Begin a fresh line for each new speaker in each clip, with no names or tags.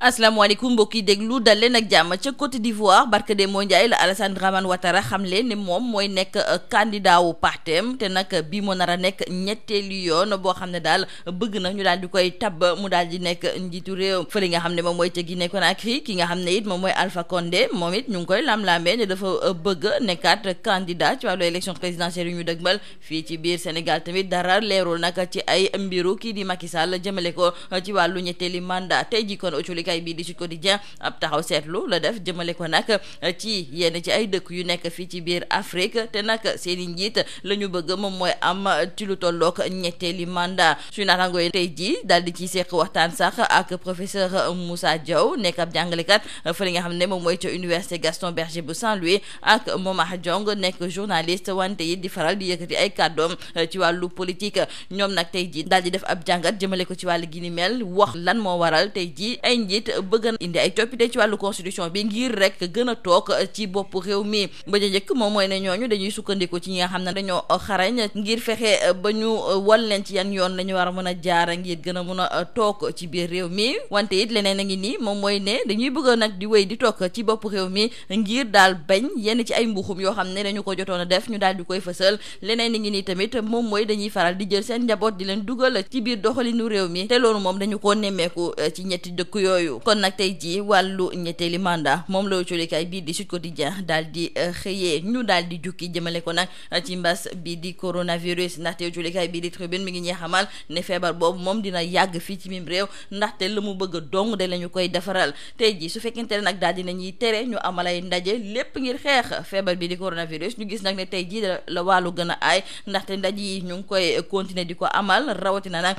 asalaamaaleykum mbokki déglu dal leen ak jàmm ca Côte d'Ivoire barke de moo Ndiaye la Alassane Dramane Ouattara xam leen ne moom mooy nekk euh, candidat wu te nag euh, bii mu nar a nekk ñetteelu yoon boo xam ne daal bëgg na ñu daal di koy tabb mu daal di nekk njiitu réew fële nga xam ne moom mooy ca Guinée Conakry ki nga xam ne it moom mooy Alpha Condé moom it ñu ngi koy lamlamee ne dafa euh, bëgg nekkaat candidat ci wàllu élection présidentielle yu ñu bal fii ci biir Sénégal tamit dara leerul nag ci ay mbiru kii di Macky Sall jëmale ko ci wàllu ñetteeli mandat tey jii kon yéenekaay bii di Sud la def jëmale ko nag ci yenn ci ay dëkk yu nekk fii ci biir Afrique te nag seen i la ñu bëgg moom mooy am ci lu tollook ñetteeli mandat suñu naataango yi tey jii daal di ci seq waxtaan sax ak professeur Moussa Diaw nekk ab jàngalekat fa li nga xam ne moom mooy ca université Gaston Berger bu Saint-Louis ak Momar nekk journaliste wante yi di faral di yëkkati ay kàddoom ci wàllu politique ñoom nag tey jii daal di def ab jàngat jëmale ko ci wàllu gi mel wax lan moo waral tey jii ay njiit it bëgg na indi ay coppite ci wàllu constitution bi ngir rek gën a toog ci bopp réew mi ba ja njëkk moom mooy ne ñooñu dañuy sukkandiku ci ñi xam ne dañoo xarañ ba ñu wal leen ci yan yoon la ñu war a mën a jaar ngir gën a mën a toog ci réew mi wante it leneen a ngi nii moom mooy ne dañuy bëgg a nag di wéy di toog ci bopp réew mi ngir daal bañ yenn ci ay mbuuxum yoo xam ne dañu ko jotoon def ñu dal di koy fësal leneen a ngi nii tamit moom mooy dañuy faral di jël seen njaboot di leen dugal ci biir doxalinu réew mi te loolu moom dañu ko nemmeeku ci ñetti dëkk yooyu yooyu kon nag tey jii wàllu ñetteeli mandat moom la coolikaay bii di Sud Quotidien daal di euh, xëyee ñu daal di jukki jëmale ko nag ci mbas bi di coronavirus ndaxte coolikaay bii di tribune mi ngi ñuy xamal ne feebar boobu moom dina yàgg fii ci mim réew ndaxte la mu bëgg a de la ñu koy defaral tey jii su fekkente ne nag daal di nañuy tere ñu amal ndaje lépp ngir xeex feebar bi di coronavirus ñu gis nag ne tey jii la wàllu gën a ndaxte ndaje yi ñu ngi koy continuer di ko amal rawatina nag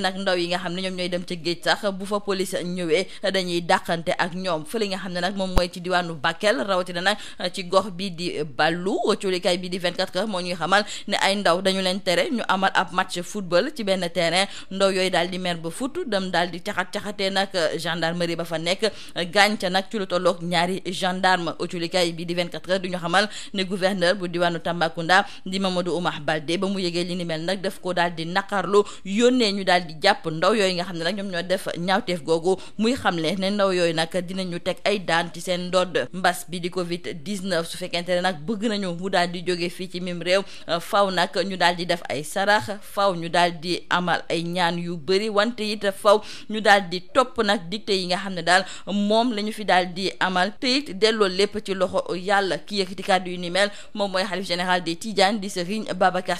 euh, ndaw yi nga xam ne ñoom ñooy dem ci géej sax bu fa police ñëwee dañuy dàqante ak ñoom fële nga xam ne nag moom mooy ci diwaanu Bakel rawatina nag ci gox bi di Ballu coolikaay bi di 24 heures moo ñuy xamal ne ay ndaw dañu leen tere ñu amal ab match football ci benn terrain ndaw yooyu daal di mer ba fut dem daal di caxat caxatee nag gendarmerie ba fa nekk gaañ ca nag ci ñaari gendarme coolikaay bi di 24 du ñu xamal ne gouverneur bu diwaanu Tambacounda di Mamadou Oumar Baldé ba mu yëgee li ni mel nag daf ko daal di naqarlu yónnee ñu daal jàpp ndaw yooyu nga xam ne nag ñoom ñoo def ñaawteef googu muy xamle ne ndaw yooyu nag dinañu teg ay daan ci seen ndodd mbas bi di covid 19 su fekkente ne nag bëgg nañu mu daal di jóge fii ci mim réew faw nag ñu daal di def ay sarax faw ñu daal di amal ay ñaan yu bëri wante it faw ñu daal di topp nag dicté yi nga xam ne daal moom la ñu fi daal di amal te delloo lépp ci loxo yàlla ki yëkkati kàddu yu ni mel moom mooy xalif général des Tidiane di Serigne Babacar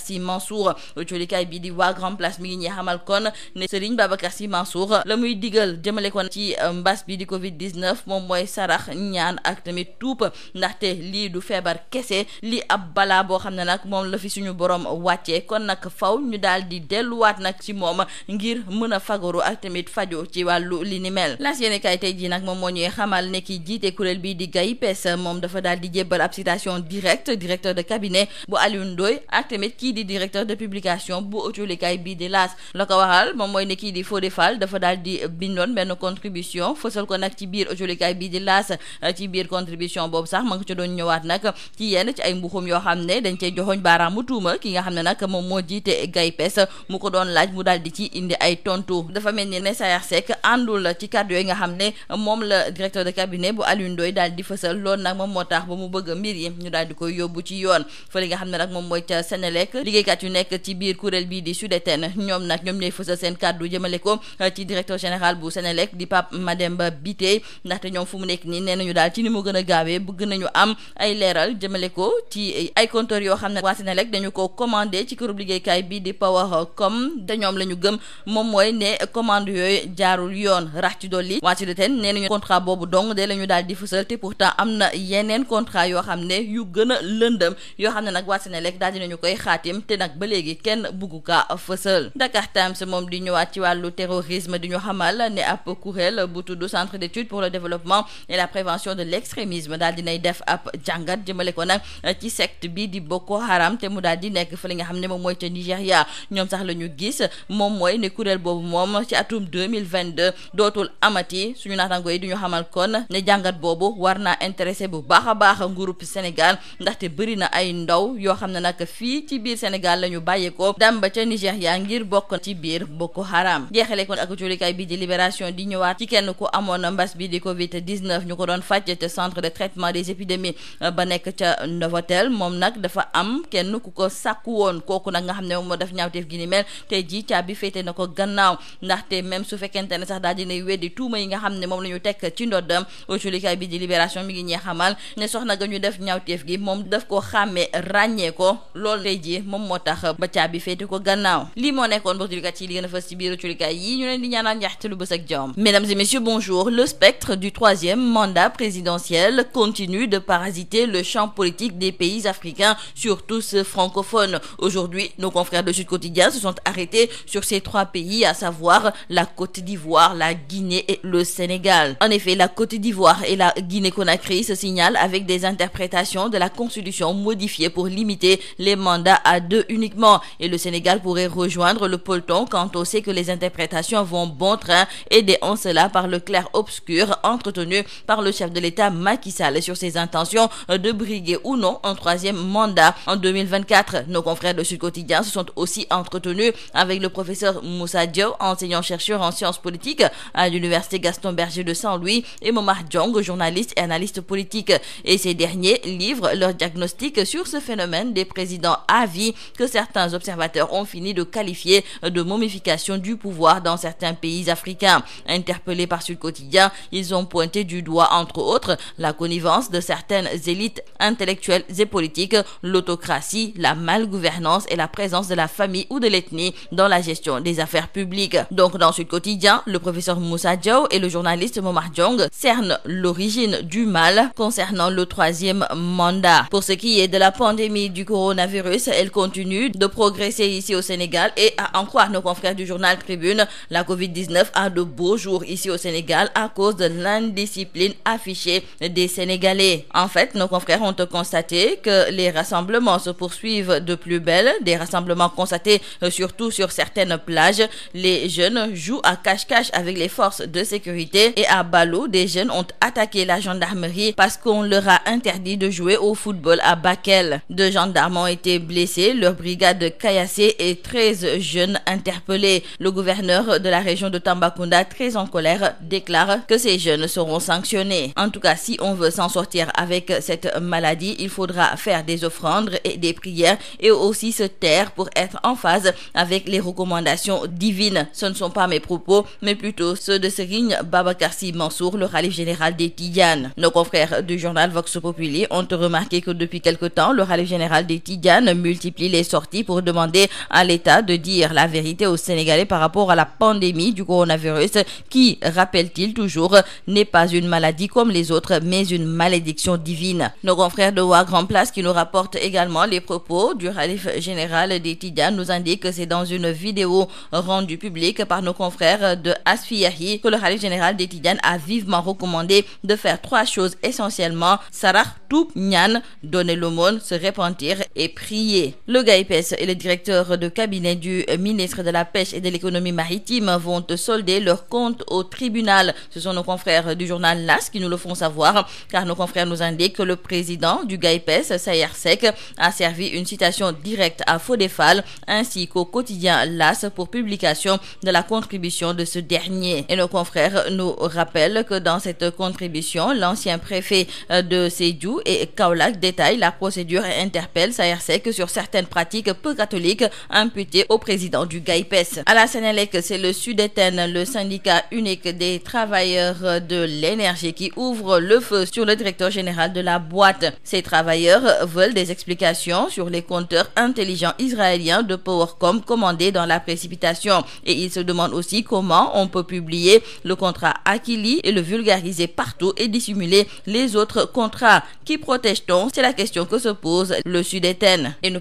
di waa Grand Place mi ngi Babacar Sy Mansour la muy digal jëmale ko ci euh, mbas bi di Covid 19 moom mooy sarax ñaan ak tamit tuub ndaxte lii du feebar kese li ab balaa boo xam ne nag moom la fi suñu borom wàccee kon nag faw ñu daal di delluwaat nag ci moom ngir mën a fagaru ak tamit faju ci wàllu li ni mel laas yéene kaay nag moom moo ñuy xamal ne ki jiite kuréel bii di GAIPES moom dafa daal di jébbal ab citation directe directeur de cabinet bu Alioune Ndoye ak tamit kii di directeur de publication bu autolikaay bii di laas la ko waxal moom mooy ne di Fodé Fall dafa daal di bindoon benn contribution fësal ko nag ci biir jolikaay bii di laas ci biir contribution boobu sax ma nga ci doon ñëwaat nag yoo xam ne dañ cey joxoñ baaraamu tuuma ki nga xam ne nag moom moo jiite GAIPES mu ko doon laaj mu daal di ci indi ay tontu dafa mel ni ne Sayar Seck àndul ci kàddu yooyu nga xam ne moom la directeur de cabinet bu Alioune Ndoye daal di fësal moo tax ba mu bëgg mbir yi ñu daal di koy yóbbu ci yoon fële nga xam ne nag moom mooy ca Sénélec liggéeykat yu nekk ci biir kuréel bii di Sudeten ñoom nag ñoom ñooy fësal seen kàddu jëmale jëmale eh, ko ci directeur général bu Sénélec di Pape Mademba Bitèye ndaxte ñoom fu mu nekk nii nee nañu daal ci ni mu gën a gaawee bëgg nañu am ay leeral jëmale ko ci ay compteur yoo xam ne waa Sénélec dañu ko commandé ci këru liggéeykaay nañu de ñu daal di fësal te a yoo xam ne nag waa Sénélec daal dinañu koy xaatim te nag ba léegi kenn bugg ko fësal Dakar Times moom di ñëwaat ci wàllu wàllu terrorisme di ñu xamal ne ab kuréel bu tudd centre d'études pour le développement et la prévention de l'extrémisme daal dinay def ab jàngat jëmale ko nag ci secte bi di Boko Haram te mu daal di nekk fa li nga xam ne moom mooy ca Nigéria ñoom sax la ñu gis moom mooy ne kuréel boobu moom ci atum 2022 dootul amati suñu naataango yi di ñu xamal kon ne jàngat boobu war naa intéressé bu baaxa a baax groupe Sénégal ndaxte bëri na ay ndaw yoo xam ne nag fii ci biir Sénégal ñu bàyyeekoo dem ba ca bokk ci jeexale ko ak julikaay bi di libération di ñëwaat ci kenn ku amoon mbas bi di covid 19 ñu ko doon fàcc te centre de traitement des épidémies ba nekk ca Novotel moom nag dafa am kenn ku ko sàkku woon kooku nag nga xam ne moom moo def ñaawteef gi ni mel tey jii caabi féete na ko gannaaw ndaxte même su fekkente ne sax daal dinay weddi tuuma yi nga xam ne moom la ñu tekk ci ndoddam julikaay bi di libération mi ngi ñee xamal ne soxna ga ñu def ñaawteef gi moom daf ko xàmmee ràññee ko loolu tey jii moom moo tax ba caabi féete ko gannaaw lii moo nekkoon bokk julikaat yi yéenekaay yi ñu leen di ñaanal njaxtalu bés mesdames et messieurs bonjour le spectre du troisième mandat présidentiel continue de parasiter le champ politique des pays africains surtout ceux francophones aujourd'hui nos confrères de Sud Quotidien se sont arrêtés sur ces trois pays à savoir la Côte d'Ivoire la Guinée et le Sénégal en effet la Côte d'Ivoire et la Guinée-Conakry se signalent avec des interprétations de la constitution modifiée pour limiter les mandats à deux uniquement et le Sénégal interprétations vont bon train et déhons cela par le clair-obscur entretenu par le chef de l'État Macky sur ses intentions de briguer ou non un troisième mandat en Nos confrères de Sud Quotidien se sont aussi entretenus avec le professeur Moussa Diop, enseignant-chercheur en sciences politiques à l'université Gaston Berger de Saint-Louis et Momar Diong, journaliste et analyste politique. Et ces derniers livrent leur diagnostic sur ce phénomène des voir dans certains pays africains. Interpellés par Sud Quotidien, ils ont pointé du doigt, entre autres, la connivence de certaines élites intellectuelles et politiques, l'autocratie, la malgouvernance et la présence de la famille ou de l'ethnie dans la gestion des affaires publiques. Donc, dans Sud Quotidien, le professeur Moussa Diaw et le journaliste Momar Diong cernent l'origine du mal concernant le troisième mandat. Pour ce qui est de la pandémie du coronavirus, tribune, la covid a de beaux jours ici au Sénégal à cause de l'indiscipline affichée des Sénégalais. En fait, nos confrères ont constaté que les rassemblements se poursuivent de plus belle, des rassemblements constatés euh, surtout sur certaines plages. Les jeunes jouent à cache-cache avec les forces de sécurité et à Balo, des jeunes ont attaqué la gendarmerie parce qu'on leur a interdit de jouer au football à Bakel. Deux gendarmes ont été blessés, leur brigade gouverneur de la région de Tambacounda, très en colère, déclare que ces jeunes seront sanctionnés. En tout cas, si on veut s'en sortir avec cette maladie, il faudra faire des offrandes et des prières et aussi se taire pour être en phase avec les recommandations divines. Ce ne sont pas mes propos, mais plutôt ceux de Serigne Babakarsi Mansour, le ralif général des Tidianes. Nos confrères du journal Vox Populi ont remarqué que depuis quelque temps, rapport à la pandémie du coronavirus qui, rappelle-t-il toujours, n'est pas une maladie comme les autres, mais une malédiction divine. Nos confrères de Wa qui nous rapportent également les propos du Khalif général des Tidjanes nous indiquent que c'est dans une vidéo rendue publique par nos confrères de Asfiyahi que le Khalif général des Tidjanes a vivement recommandé de faire trois choses essentiellement Sarah Toup Nyan, donner l'aumône, se repentir Maritime vont solder leur compte au tribunal. Ce sont nos confrères du journal LAS qui nous le font savoir, car nos confrères nous indiquent que le président du GAIPES, Sayer Seck, a servi une citation directe à Fodefal, ainsi qu'au quotidien LAS pour publication de la contribution de ce dernier. Et nos confrères nous rappellent que dans cette contribution, l'ancien préfet de Sédhiou et Kaolack détaille la procédure et interpelle Sayer Seck sur certaines pratiques Sénélec, c'est le Sudeten, le syndicat unique des travailleurs de l'énergie qui ouvre le feu sur le directeur général de la boîte. Ces travailleurs veulent des explications sur les compteurs intelligents israéliens de Powercom commandés dans la précipitation et ils se demandent aussi comment on peut publier le contrat Akili et le vulgariser partout et dissimuler les autres contrats. Qui protège-t-on? C'est la question que se pose le Sudeten. Et nous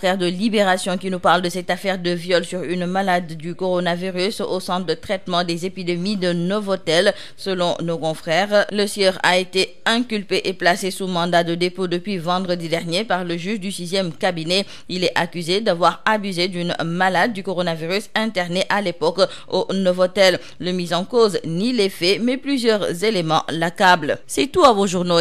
confrères de Libération qui nous parlent de cette affaire de viol sur une malade du coronavirus au centre de traitement des épidémies de Novotel. Selon nos confrères, le sieur a été inculpé et placé sous mandat de dépôt depuis vendredi dernier par le juge du sixième cabinet. Il est accusé d'avoir abusé d'une malade du coronavirus internée à l'époque au Novotel. Le mis en cause ni les mais plusieurs éléments l'accablent. C'est tout à vos journaux